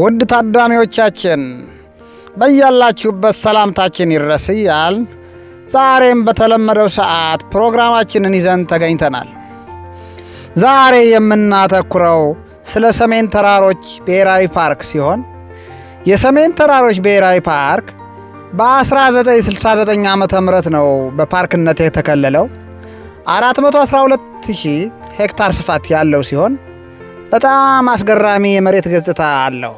ውድ ታዳሚዎቻችን በያላችሁበት ሰላምታችን ይረስያል። እያል ዛሬም በተለመደው ሰዓት ፕሮግራማችንን ይዘን ተገኝተናል። ዛሬ የምናተኩረው ስለ ሰሜን ተራሮች ብሔራዊ ፓርክ ሲሆን የሰሜን ተራሮች ብሔራዊ ፓርክ በ1969 ዓ ም ነው በፓርክነት የተከለለው 412 ሄክታር ስፋት ያለው ሲሆን በጣም አስገራሚ የመሬት ገጽታ አለው።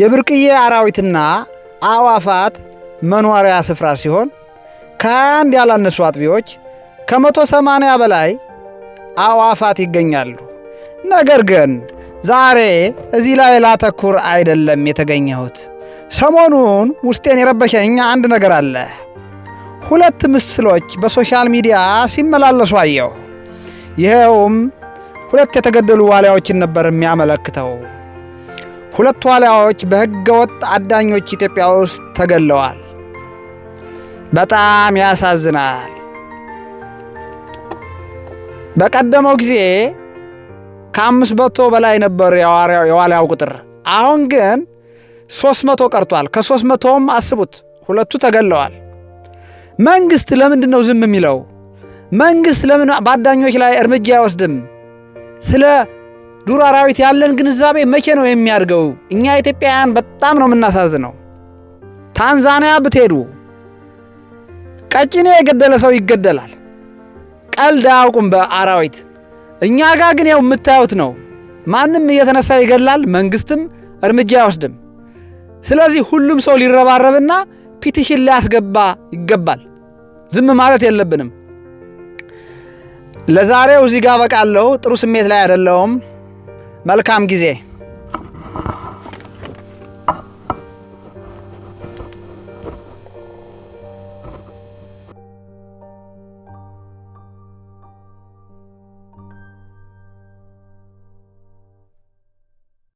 የብርቅዬ አራዊትና አዕዋፋት መኖሪያ ስፍራ ሲሆን ከአንድ ያላነሱ አጥቢዎች ከመቶ ሰማንያ በላይ አዕዋፋት ይገኛሉ። ነገር ግን ዛሬ እዚህ ላይ ላተኩር አይደለም የተገኘሁት። ሰሞኑን ውስጤን የረበሸኝ አንድ ነገር አለ። ሁለት ምስሎች በሶሻል ሚዲያ ሲመላለሱ አየሁ። ይኸውም ሁለት የተገደሉ ዋልያዎችን ነበር የሚያመለክተው። ሁለት ዋልያዎች በሕገ ወጥ አዳኞች ኢትዮጵያ ውስጥ ተገለዋል። በጣም ያሳዝናል። በቀደመው ጊዜ ከአምስት መቶ በላይ ነበር የዋሊያው ቁጥር። አሁን ግን ሶስት መቶ ቀርቷል። ከሶስት መቶውም አስቡት ሁለቱ ተገለዋል። መንግስት ለምንድን ነው ዝም የሚለው? መንግስት ለምን በአዳኞች ላይ እርምጃ አይወስድም? ስለ ዱር አራዊት ያለን ግንዛቤ መቼ ነው የሚያድገው? እኛ ኢትዮጵያውያን በጣም ነው የምናሳዝነው። ታንዛኒያ ብትሄዱ ቀጭኔ የገደለ ሰው ይገደላል። ቀልድ አያውቁም በአራዊት። እኛ ጋር ግን ያው የምታዩት ነው። ማንም እየተነሳ ይገላል፣ መንግስትም እርምጃ አይወስድም። ስለዚህ ሁሉም ሰው ሊረባረብና ፒቲሽን ሊያስገባ ይገባል። ዝም ማለት የለብንም። ለዛሬው እዚህ ጋር በቃለሁ። ጥሩ ስሜት ላይ አይደለውም። መልካም ጊዜ